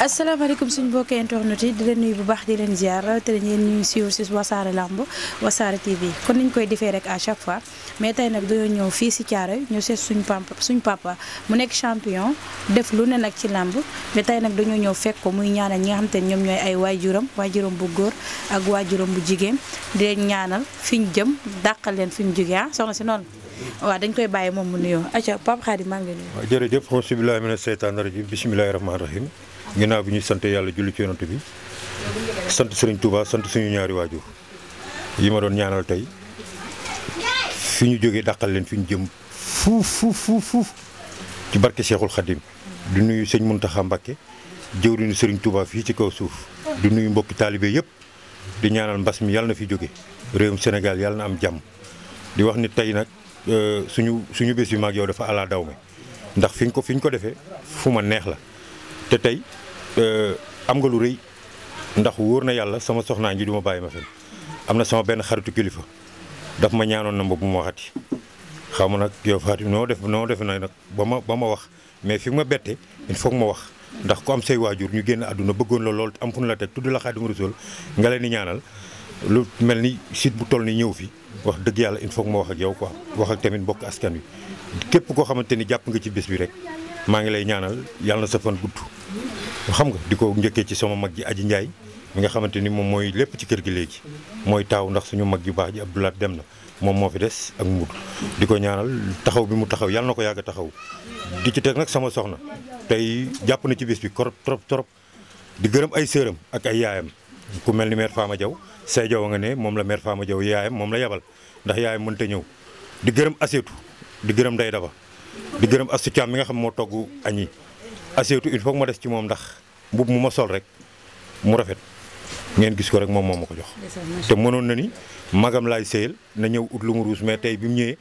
asalaamaaleykum suñu mbokki internet yi di leen nuyu bu baax di leen ziar te dañuy nuyu suivre si wasaare lamb wasaare TV kon niñ koy defee rek à chaque fois mais tey nag dañoo ñëw fii si Thiaroye ñu seet suñu papa suñu papa mu nekk champion def lu ne nag ci làmb mais tey nag dañoo ñëw fekk ko muy ñaanal ñi nga xam te ne ñoom ñooy ay waajuram waajuram bu góor ak waajuram bu jigéen di leen ñaanal fi ñu jëm dàqal leen fi ñu jógee ah soxna si noonu. waaw dañ koy bàyyi moom mu nuyoo acca Pape Khadim maa ngi lay nuyu. ginnaaw bi ñuy sant yàlla julli ci yonent bi sant Serigne Touba sant suñu ñaari waajur yi ma doon ñaanal tey fi ñu jógee dàqal leen fi ñu jëm fuuf fuuf fuuf fuuf ci barke Cheikhul Khadim du nuyu sëñ Mountakha Mbacké jëwriñu Serigne Touba fii ci kaw suuf du nuyu mbokki taalibe yëpp di ñaanal mbas mi yàlla na fi jóge réewum Sénégal yàlla na am jàmm di wax ni tey nag euh, suñu suñu bés bi maag yow dafa ala daw ndax fi ko fi ñu ko defee fu ma neex la te tey Euh, am nga lu rëy ndax wóor na yàlla sama soxnaa nji du bàyyi ma fen am na sama benn xaritu kilifa daf ma ñaanoon na bu ma waxati xaw ma nag yow Fatim noo def noo def na nag ba ma ba ma wax mais fi ma bette il faut ma wax ndax ku am say waajur ñu génn àdduna bëggoon la lool am fu ñu la teg tudd la Xaadimu Rasuul nga leen di ñaanal lu mel ni site bu toll ni ñëw fi wax dëgg yàlla il faut ma wax ak yow quoi wax ak tamit mbokk askan wi képp koo xamante ni jàpp nga ci bés bi rek maa ngi lay ñaanal yàlla sa fan gudd xam nga di ko njëkkee ci sama mag ji Aji Ndiaye mi nga xamante ni moom mooy lépp ci kër gi léegi mooy taaw ndax suñu mag yu baax ji Abdoulaat dem na moom moo fi des ak Mour di ko ñaanal taxaw bi mu taxaw yàlla na ko yàgg taxaw di ci teg nag sama soxna tey jàpp na ci bis bi trop trop di gërëm ay sëram ak ay yaayam ku mel ni mère a jaw say Diaw nga ne moom la mère Fama jaw yaayam moom la yabal ndax yaayam mënta ñëw di gërëm aseetu di gërëm Ndeye Daba di gërëm Astou Thiam nga xam moo togg añi aseetu il faut ma des ci moom ndax mbubb mu ma sol rek mu rafet ngeen gis ko rek moom moom ma ko jox. te mënoon na ni magam laay sëyal na ñëw ut lu mu ruus mais tey bi mu ñëwee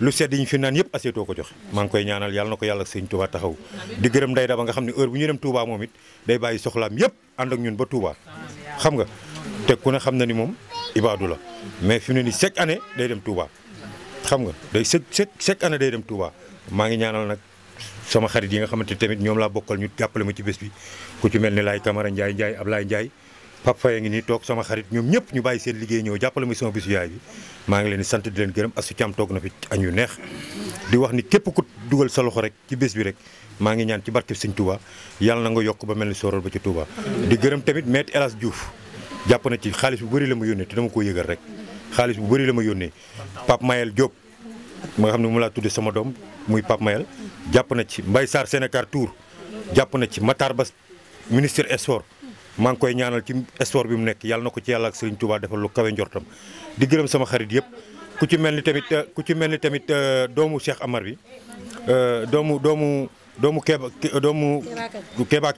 lu sedd yi ñu fi naan yëpp aseetoo ko joxe. maa ngi koy ñaanal yàlla na ko yàlla ak sëñ Touba taxaw di gërëm nday da ba nga xam ne heure bu ñu dem tuubaa moom it day bàyyi soxlaam yëpp ànd ak ñun ba Touba xam nga te ku ne xam na ni moom ibaadu la mais fi mu ne nii chaque année day dem Touba xam nga day chaque chaque année day dem Touba maa ngi ñaanal nag sama xarit yi nga xamante tamit ñoom laa bokkal ñu jàppale ma ci bés bi ku ci mel ne Laay Camara Ndiaye Ndiaye Ablaye Ndiaye Pape a ngi nii toog sama xarit ñoom ñëpp ñu bàyyi seen liggéey ñëw jàppale ma sama bésu yaay bi maa ngi leen sant leen gërëm asu cam toog na fi añ yu di wax ni képp ku dugal sa loxo rek ci bés bi rek maa ngi ñaan ci barke Sëñ Touba yàlla na nga yokk ba mel ni sorol ba ci Touba di gërëm tamit maître El Hadj Diouf jàpp na ci xaalis bu bëri la ma yónnee te dama ko yëgal rek xaalis bu bëri la ma yónnee Pape Mayel joob moo xam ne moom laa tudde sama doom muy Pape Mayel jàpp na ci Mbaye Sarr Sénégal Tour jàpp na ci Matar Ba ministre sport maa ngi koy ñaanal ci sport bi mu nekk yàlla na ko ci yàlla ak Serigne Touba defal lu kawe njortam di gërëm sama xarit yëpp ku ci mel ni tamit euh, ku ci mel ni tamit euh, doomu Cheikh Amar bi euh, doomu doomu doomu Kéba doomu Kéba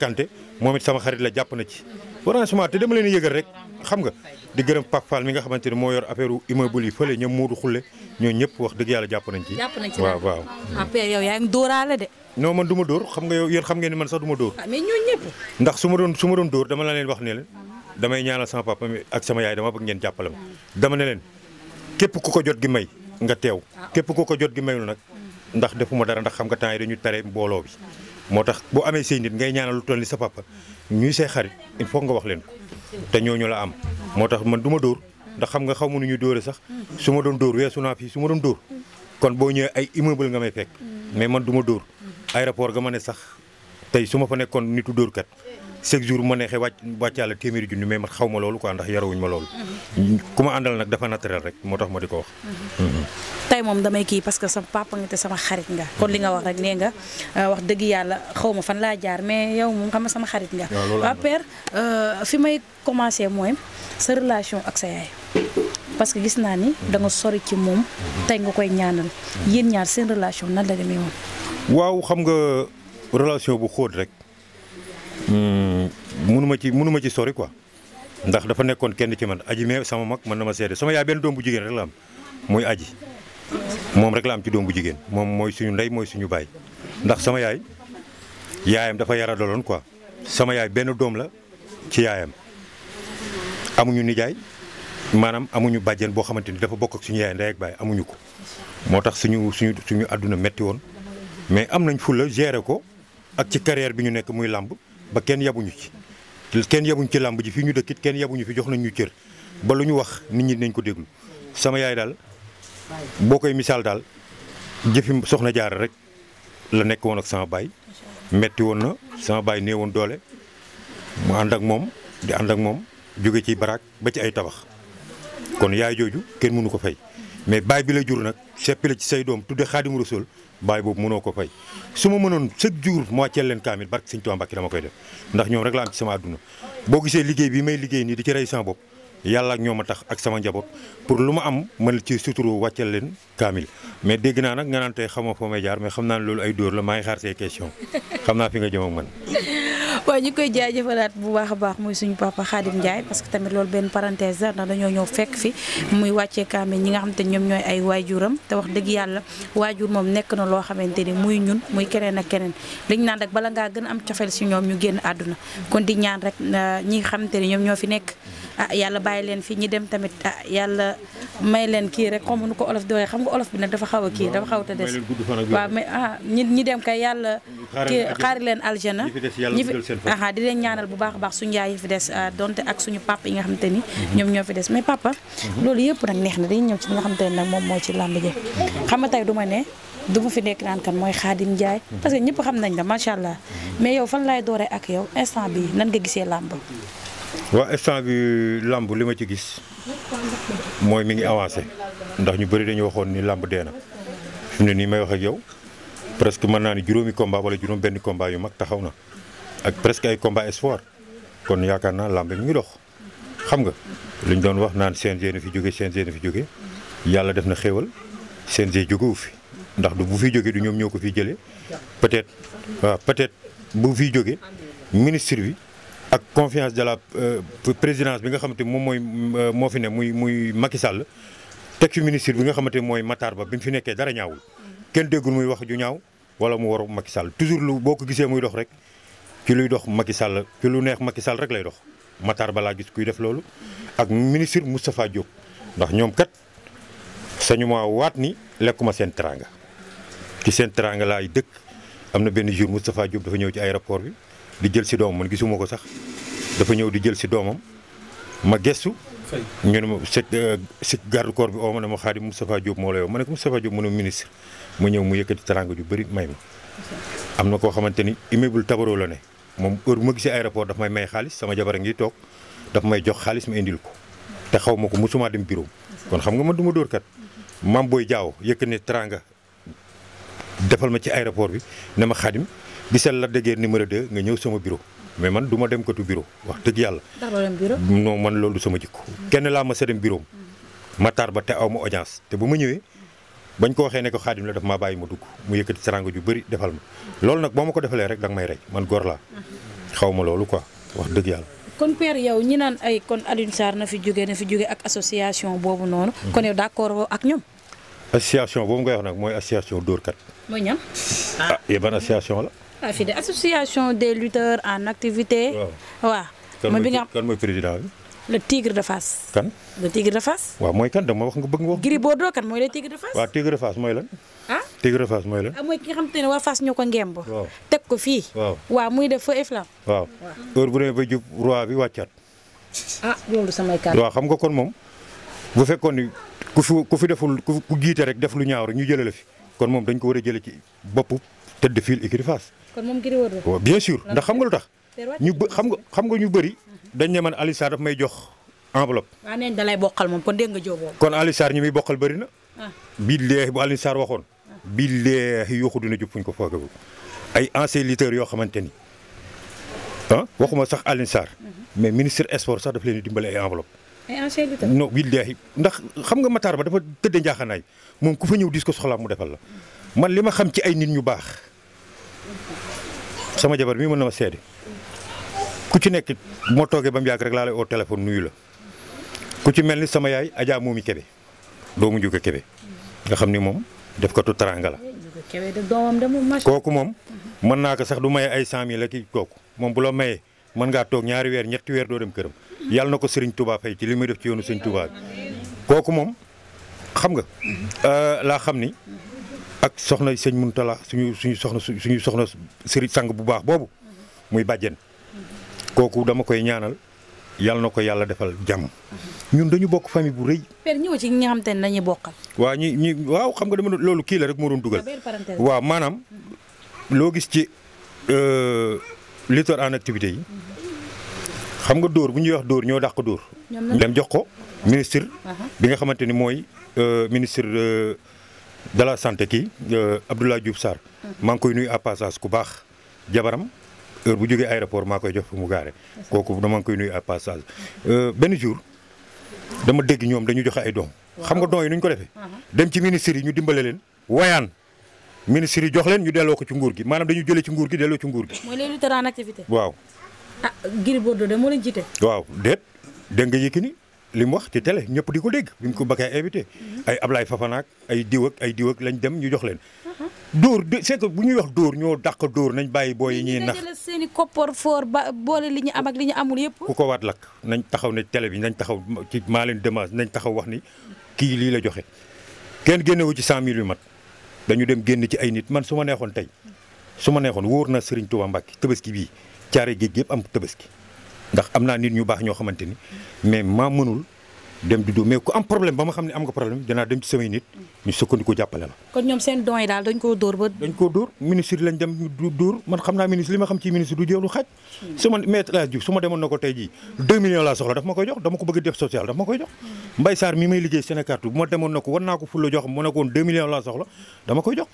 moom it sama xarit la jàpp na ci franchement te dama leen yëgal rek xam nga di gërëm Pape Fall mi nga xamante ne moo yor affaire immeuble yi fële ñoom Moodu Xulle ñoo ñëpp wax dëgg yàlla jàpp nañ ci. jàpp waaw waaw. après yow yaa ngi dóoraale de. non man du ma dóor xam nga yow yéen xam ngeen ni man sax duma ma dóor. Ah, ndax su ma doon su ma doon dóor dama la leen wax ne leen damay ñaanal sama papa ak sama yaay dama bëgg ngeen jàppale ma dama ne leen képp ku ko jot gi may nga teew ah. képp ku ko jot gi mayul nag ndax defuma dara ndax xam nga temps yi dañu mbooloo bi moo tax boo amee say nit ngay ñaanal lu toll ni sa papa ñuy see xarit il faut nga wax leen ko te ñu la am moo tax man duma ma dóor ndax xam nga xaw ma nu ñuy dóore sax su ma doon dóor weesu naa fii su ma doon dóor kon boo ñëwee ay immeuble nga may fekk mais man duma ma dóor aéroport ga ma ne sax tey su ma fa nekkoon nitu dóorkat sa jour ma neexee wàcc wàccaale téeméeri junni mais man xaw ma loolu quoi ndax yarawuñ ma loolu. Mhm. ku ma àndal nag dafa naturel rek moo tax ma di ko wax. Mhm. Mhm. tey moom damay kii parce que sa papa nga te sama xarit nga kon li nga wax rek nee nga euh, wax dëgg yàlla xaw ma fan laa jaar mais yow moom xam nga sama xarit nga. waaw père euh, fi may commencé mooy sa relation ak parce que gis naa ni da nga ci moom tey nga koy ñaanal yéen ñaar seen relation nan la demee xam nga relation bu xóot rek. Hmm, mënuma ci mënuma ci sori quoi ndax dafa nekkoon kenn ci man aji mais sama mag mën na ma seede sama yaay benn doom bu jigéen rek la am muy aji moom rek la am ci doom bu jigéen moom mooy suñu ndey mooy suñu baay ndax sama yaay yaayam dafa yara doloon sama yaay benn doom la ci yaayam amuñu nijaay maanaam amuñu bàjjen boo xamante ni dafa bokk ak suñu yaay ndey ak baay amuñu ko moo tax suñu suñu suñu àdduna metti woon mais am nañ fulla gérer ko ak ci carrière bi ñu nekk muy làmb ba kenn yabuñu ci kenn yabuñu ci làmb ji fii ñu dëkkit kenn yabuñu fi jox nañu ñu cër ba lu ñu wax nit ñi nañ ko déglu sama yaay daal boo koy misaal daal jëfi soxna jaara rek la nekk woon ak sama baay metti woon na sama baay nee woon doole mu ànd ak moom di ànd ak moom jóge ci baraak ba ci ay tabax kon yaay jooju kenn mënu ko fay mais baay bi la jur nag seppi la ci say doom tudde xaadim rasul baay boobu mënoo ko fay su ma mënoon chaque jour mu wàcceel leen kaamil barke Sëñ Tuubaa Mbàkke dama koy def ndax ñoom rek la am ci sama àdduna boo gisee liggéey bi may liggéey nii di ci rey sama bopp yàlla ak ñoom a tax ak sama njaboot pour lu ma am mën ci suturu wàccee leen kaamil mais dégg naa nag nga naan tey xamoo foo may jaar mais xam naa ne loolu ay dóor la maa ngi xaar say question xam naa fi nga jëm man waaye ñu koy jaajëfalaat bu baax a baax muy suñu papa Khadim njaay parce que tamit loolu benn parenthèse la ndax dañoo ñëw fekk fi muy wàccee kaame ñi nga xam te ñoom ñooy ay waajuram te wax dëgg yàlla waajur moom nekk na loo xamante ni muy ñun muy keneen ak keneen dañ naan rek bala ngaa gën a am cofeel si ñoom ñu génn àdduna kon di ñaan rek ñi nga xamante ni ñoom ñoo fi nekk ah yàlla bàyyi leen fii ñi dem tamit ah, yàlla may leen kii rek xaw nu ko olof di xam nga olof bi nag dafa xaw a kii dafa xaw a des waaw mais ah ñi dem kay yàlla kii xaari leen aljana ñi fi aha di leen ñaanal bu baax a baax suñu yaay yi fi des ah, donte ak suñu papa yi nga xamante ni mhm. ñoom ñoo fi des mais papa mhm. loolu yëpp nag neex na dañuy ñëw ci nga xamante ne nag moom mooy ci làmb ji xam nga tey du ma ne du ma fi nekk naan kan mooy Khadim Ndiaye mhm. parce que ñëpp xam nañ la macha allah mais yow fan lay dooree ak yow instant bi nan nga gisee làmb waa instant bi làmb li ma ci gis mooy mi ngi avancé ndax ñu bëri dañu waxoon ni làmb dee na fi mu ne nii may wax ak yow presque mën naa ni juróomi combat wala juróom benn combat yu mag taxaw na ak presque ay combat espoir kon yaakaar naa làmb mi ngi dox xam nga lu ñu doon wax naan CNG na fi jóge CNG na fi jóge yàlla def na xéewal CNG jógewu fi ndax du bu fi jóge du ñoom ñoo ko fi jëlee peut-être peut-être bu fi jóge ministre bi ak confiance de la euh, présidence bi nga xamante moom mooy euh, moo fi ne muy muy Macky Sall teg fi ministre bi nga xamante mooy Matar Ba bi mu fi nekkee dara ñaawul kenn déggul muy wax ju ñaaw wala mu waru Macky Sall toujours lu boo ko gisee muy dox rek ci luy dox Macky sàll ci lu neex Macky sàll rek lay dox Matar Ba laa gis kuy def loolu ak ministre Moustapha Diop ndax ñoom kat sañu ma waat ni lekkuma seen teranga ci seen teranga laay dëkk am na benn jour Moustapha Diop dafa ñëw ci aéroport bi di jël si doomam man gisuma ko sax dafa ñëw di jël si doomam ma gestu ñu ne ma sec euh, sec garde bi oo ma ne ma xaadim Moustapha Diop moo la yow ma ne ko Moustapha Diop mu ne ministre mu ñëw mu yëkkati teraanga ju bëri may ma am na koo xamante ni immeuble tabaro la ne moom heure bu ma gisee aéroport daf may may xaalis sama jabar a ngi toog dafa may jox xaalis ma indil ko te xaw ma ko mosumaa dem bureau kon xam nga man duma ma dóor kat maam booy jaaw yëkk ne teraanga defal ma ci aéroport bi ne ma xaadim di seet Lac de Guiers numéro nga ñëw sama bureau mais man duma ma dem katu bureau wax dëgg yàlla. moo man loolu sama jikko. kenn laa ma sa dem bureau ma taar ba te aw ma audience te bu ma ñëwee bañ ko waxee ne ko xaadim la daf maa bàyyi ma dugg mu yëkkati saranga ju bëri defal ma loolu nag boo ma ko defalee rek danga may rey man góor laa xaw ma loolu ko wax dëgg yàlla. kon père yow ñi naan ay kon Alioune Sarr na fi jóge na fi jóge ak association boobu noonu. Hmm. kon yow d'accord ak ñoom. association boobu ngay wax nag mooy association dóorkat. mooy ñam. ah ban association la. ah fii de association des lutteurs en activité. waa waaw. mooy bi nga xam kan mooy président bi. le tigre de Fass. kan le tigre de Fass. waaw mooy kan dama wax nga bëgg nga wax. Gris Bordeaux kan mooy le tigre de Fass. waaw tigre de Fass mooy lan. ah tigre de Fass mooy la ah mooy ki nga xamante ne waa Fass teg ko fii. waa muy def feu et flamme. bu ba jub roi bi wàccaat. ah loolu samay xam nga kon moom bu fekkoon ni ku fi ku fi deful ku jiite rek def lu ñaaw rek ñu jëlee la fi kon moom dañ ko war a jëlee ci bopp tëdd fil écurie Fass kon moom Gris Bordeaux bien sûr ndax xam nga lu tax. ñu bë xam nga xam nga ñu bëri. dañ ne man Alioune Sarr may jox enveloppe. waaw nee da moom kon dégg nga jógoo. kon Alioune Sarr ñu muy bokkal bëri na. Ah. billaahi bu Alioune Sarr waxoon. Ah. billaahi yuuxu dina jub ko foog ay anciens yoo xamante ni ah waxuma sax Alioune mhm. mais ministre sport sax daf leen di dimbale ay enveloppe. ay anciens lutteurs non ndax xam nga Matar ba dafa tëddee njaaxanaay moom ku fa ñëw dis ko soxlaa mu defal la mhm. man li ma xam ci ay nit ñu baax. Mhm. sama jabar mii mën na ma seede ku ci nekk moo toogee ba mu yàgg rek laa lay oo téléphone nuyu la ku ci mel ni sama yaay Adja Momi Kébé doomu Njuga Kébé nga xam ni moom def ko tu la kooku moom mën naa ko sax du maye ay cent mille la kooku moom bu la mayee mën ngaa toog ñaari weer ñetti weer doo dem këram yàlla na ko Serigne Touba fay ci li muy def ci yoonu Serigne Touba bi kooku moom xam nga euh, laa xam ni ak soxna sëñ Muntala suñu suñu soxna suñu soxna sëriñ sang bu baax boobu muy bàjjen kooku dama koy ñaanal yàlla na ko yàlla defal jàmm ñun dañu bokk famille bu rëy. père ñëw ci ñi nga xam te waaw ñi waaw xam nga dama loolu kii la rek moo doon dugal. waaw maanaam loo gis ci euh, lutteurs en activité yi xam nga dóor bu ñuy wax dóor ñoo dàq dóor. dem jox ko ministre bi nga xamante ni mooy. Euh, ministre euh, de la santé kii euh, Abdoulaye Diouf Sarr. Mm-hmm. maa ngi koy nuy à passage ku baax jabaram heure bu jógee aéroport maa koy jox fu mu gaare kooku dama ngi koy nuyu à passage benn jour dama dégg ñoom dañu joxe ay don xam nga don yi nuñ ko defee. Mm-hmm. dem ci ministre yi ñu dimbale leen wayaan ministre yi jox leen ñu delloo ko ci nguur gi maanaam dañu jëlee ci nguur gi delloo ci nguur gi. mooy les lutteurs en activité. waaw. ah Gris Bordeaux li mu wax ci tele ñëpp di ko dégg bi ñu ko bakkee invité mhm. ay Ablaye Fafana ay diw ay diw lañ dem ñu jox leen. Uh-huh. dóor c'est que bu ñuy wax dóor ñoo daq dóor nañ bàyyi booy yi ñuy nax. seen i foor ba boole li ñu am ak li ñu amul yëpp. ku ko waat lakk nañ taxaw ne télé bi nañ taxaw ci maa leen demande nañ taxaw wax ni kii lii la joxe kenn génnewu ci cent mille yu mat dañu dem génn ci ay nit man su ma neexoon tey su ma neexoon wóor na Serigne Touba Mbacke tabaski bii caare géej yëpp am tabaski. ndax am naa nit ñu baax ñoo xamante ni mais maa mënul dem di do mais ku am problème ba ma xam ne am nga problème danaa dem ci samay nit ñu sukkandiku jàppale la. kon ñoom seen dons yi daal dañ koo dóor ba. dañ koo dóor ministre lañ dem du dóor man xam naa ministre li ma xam ci ministre du jéem xaj. Hmm. su ma maître El su ma demoon na ko tey jii 2 millions laa soxla daf ma koy jox dama ko bëgg def social daf ma koy jox. Hmm. Mbaye Sarr mi may liggéey Sénégal bu ma demoon na ko war naa ko fulla jox mu nekkoon koy jox.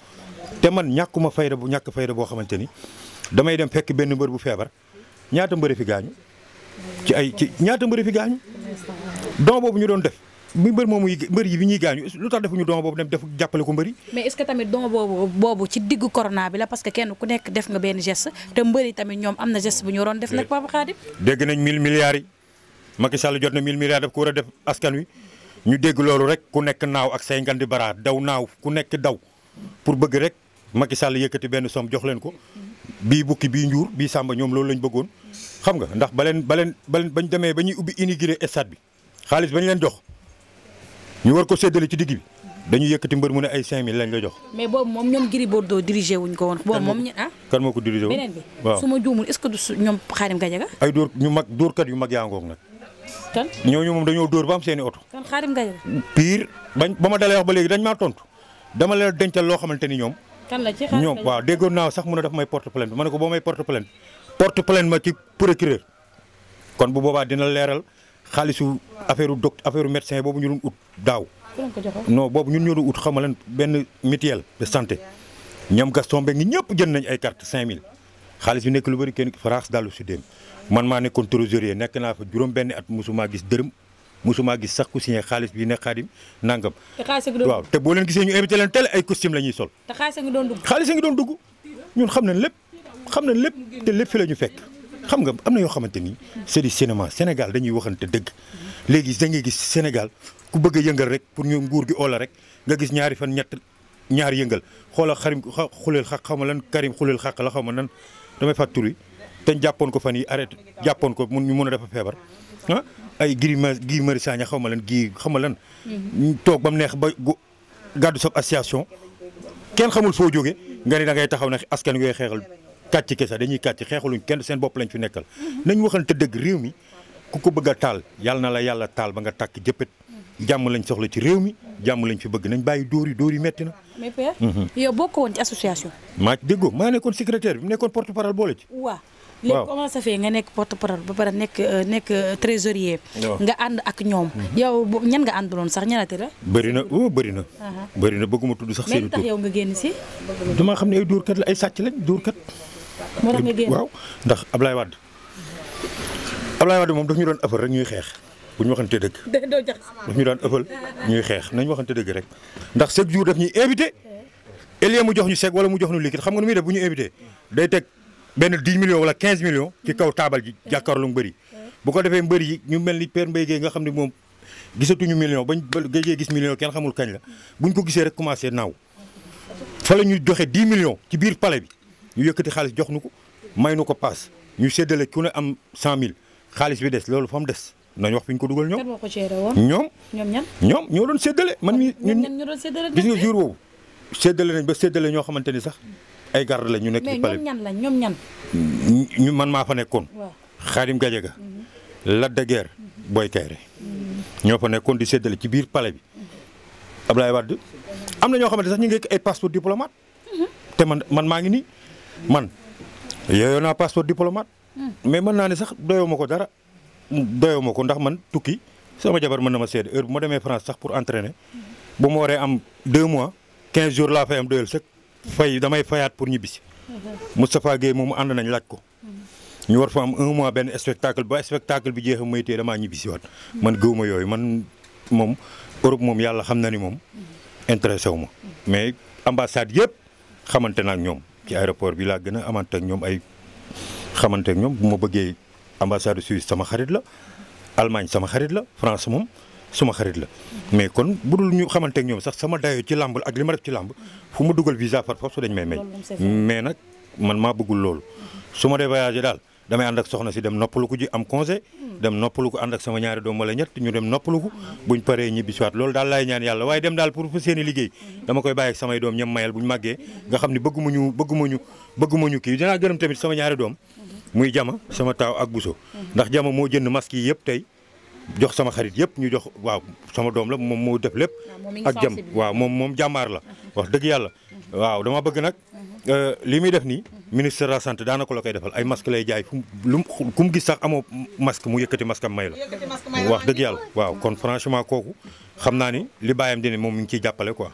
te man ñàkkuma fayda bu ñàkk fayda boo xamante ni damay dem fekk benn mbër bu feebar ñaata mbër fi ci ay ci ñaata mbër fi gaañu don boobu ñu doon def bi mbër moomu mbër yi bi ñuy gaañu lu tax ñu don boobu dem def jàppale ko mbëri mais est-ce que tamit don boobu boobu ci diggu corona bi la parce que kenn ku nekk def nga benn geste te mbëri tamit ñoom am na geste bu ñu waroon def nag Papa Khadim dégg nañ mille milliards yi Macky Sall jot na mille milliards daf ko war a def askan wi ñu dégg loolu rek ku nekk naaw ak say ngandi bara daw naaw ku nekk daw pour bëgg rek Macky Sall yëkkati benn somme jox leen ko bii bukki bii njuur bii sàmba ñoom loolu lañ bëggoon xam nga ndax ba leen ba leen bañ demee ba ñuy ubbi inauguré stade bi xaalis bañ leen jox ñu war ko séddale ci digg bi dañu yëkkati mbër mu ne ay 5000 lañ la jox. mais boobu moom ñoom Gris Bordeaux wuñ ko woon. boobu moom ñu ah. kan moo ko dirigé woon beneen bi waaw su ma juumul est-ce que du ñu moom dañoo dóor ba am seeni oto. kan Xaadim Gajaga. pire bañ ba ma dalee wax ba léegi dañ maa tontu dama leen dencal loo xamante ni ñoom. kan la ci ñoom waaw déggoon naa sax mu ne daf may porte plainte ma ne ko boo may porte plainte porte plainte ma ci procureur kon bu boobaa dina leeral xaalisu affaire doc affaire médecin boobu ñu doon ut daaw. non boobu ñun ñoo doon ut xamal leen benn mutuelle de santé ñoom Gaston Mbengue ñëpp jën nañ ay carte 5000 xaalis bi nekk lu bari kenn France daal su dem man maa nekkoon trésorier nekk naa fa juróom benn at ma gis dërëm. musuma gis sax ku signé xaalis bi ne xaadim nangam. te xaalis ngi doon boo leen gisee ñu invité leen télé ay costume ñuy sol. te xaalis ngi doon dugg. xaalis ngi doon dugg ñun xam nañ lépp. xam na lépp te lépp fi la ñu fekk xam nga am na yoo xamante ni c'est du Sénégal dañuy waxante dëgg léegi da ngay gis Sénégal ku bëgg a yëngal rek pour ñu nguur gi oola rek nga gis ñaari fan ñett ñaari yëngal xoolal xarim xuleel xaq xaw ma lan Karim xuleel xaq la xaw ma nan damay fàttali yi te jàppoon ko fan yi arrêté jàppoon ko mun ñu mën a dafa feebar ah ay gii mari Sagna xaw ma lan gii xaw ma lan toog ba mu neex ba gàddu sa association kenn xamul foo jóge nga ne da ngay taxaw ne askan yooyu xeexal kàcc kese dañuy kàcc xeexaluñ kenn seen bopp lañ fi nekkal nañ waxante dëgg réew mi ku ko bëgg a taal yàlla la yàlla taal ba nga tàkk jëppët jàmm lañ soxla ci réew mi jàmm lañ fi bëgg nañ bàyyi dóor yi dóor yi metti na. mais père. Mhm. yow bokkoo woon ci association. maa ci déggoo maa nekkoon secrétaire bi nekkoon porte parole boole ci. waaw léegi comment ça fait nga nekk porte ba pare nekk euh, nekk euh, trésorier. nga ànd ak ñoom. Mhm. yow ñan nga àndaloon sax ñanate la. Oh, uh-huh. sax seen i la ay moo tax nga génn waaw ndax Ablaye Wade moom daf ñu doon ëppal rek ñuy xeex bu ñu waxante dëgg. daf ñu daan ëppal ñuy xeex nañ waxante dëgg rek ndax chaque jour daf ñuy invité. elie mu jox ñu chèque wala mu jox ñu liquide xam nga nu muy def bu ñu invité day teg benn 10 millions wala 15 millions ci kaw taabal ji jàkkaarloo mbëri bu ko defee mbëri yi ñu mel ni Père Mbaye Gueye nga xam ne moom gisatuñu million bañ géejee gis million kenn xamul kañ la buñ ko gisee rek commencé naaw fa la ñu joxe 10 millions ci biir palais bi ñu yëkkati xaalis jox nu ko may nu ko paas ñu séddale ku ne am mille xaalis bi des loolu fa mu des nañ wax fi ñu ko dugal ñoom. moo ko géré ñoom. ñoom ñoom ñoo doon séddale. man mi ñun ñoo doon séddale gis nga jour ba séddale ñoo xamante ni sax ay garde la ñu nekk. ci palais mais ñoom ñan lañ man maa fa nekkoon. waaw Khadim Gadiaga. Mhm. Lac de Guiers Boy Kayré. Mhm. ñoo fa nekkoon di séddale ci biir pale bi Abdoulaye Wade mhm. am na ñoo xamante sax ñu ngi ay passeport diplomate te man man maa ngi nii man yooyu naa passeport diplomate. Hmm. mais mën naa ne sax doyoo ma ko dara doyoo ma ko ndax man tukki sama jabar mën na ma seede heure bu ma demee France sax pour entraîner hmm. bu ma waree am 2 mois 15 jours laa fay am doyal sëkk fay damay fayaat pour ñibbisi. Hmm. Moustapha Guèye moomu ànd nañ laaj ko. ñu war fa am un mois benn spectacle ba spectacle bi jeexee may tee damaa ñibbisi waat man ma yooyu man moom Europe moom yàlla xam na ni moom intéressé wu ma mais ambassade yëpp xamante na ak ñoom. ci aéroport bi laa gën a amante ak ñoom ay xamante ñoom bu ma bëggee ambassade Suisse sama xarit la Allemagne sama xarit la France moom suma xarit la mais kon bu dul ñu xamante ak ñoom sax sama dayo ci làmb ak li ma def ci làmb fu ma dugal visa par force dañ may may mais nag man maa bëggul loolu su ma dee voyager daal damay ànd ak soxna si dem noppaluku ji am congé hmm. dem noppaluku ànd ak sama ñaari doom wala ñett ñu dem noppaluku buñ paree ñibbi siwaat loolu daal laay ñaan yàlla waaye dem daal pour fu seen i liggéey hmm. dama koy bàyyi ak samay doom ñam mayal buñ màggee nga xam ne bëggu ma ñu bëggu ma ma ñu kii dinaa gërëm tamit sama ñaari doom hmm. muy jama sama taaw ak buso ndax jama moo jënd masque yi yëpp tey jox sama xarit yëpp ñu jox waaw sama doom la moom moo def lépp ah, ak jam waaw moom moom jàmbaar la wax dëgg yàlla waaw euh, li muy def nii ministre de la santé daanaka la koy defal ay masque lay jaay fu ku mu gis sax amoo masque mu yëkkati masque may la wax dëgg yàlla waaw kon franchement kooku xam naa ni li baayam di ne moom mi ngi ciy jàppale ko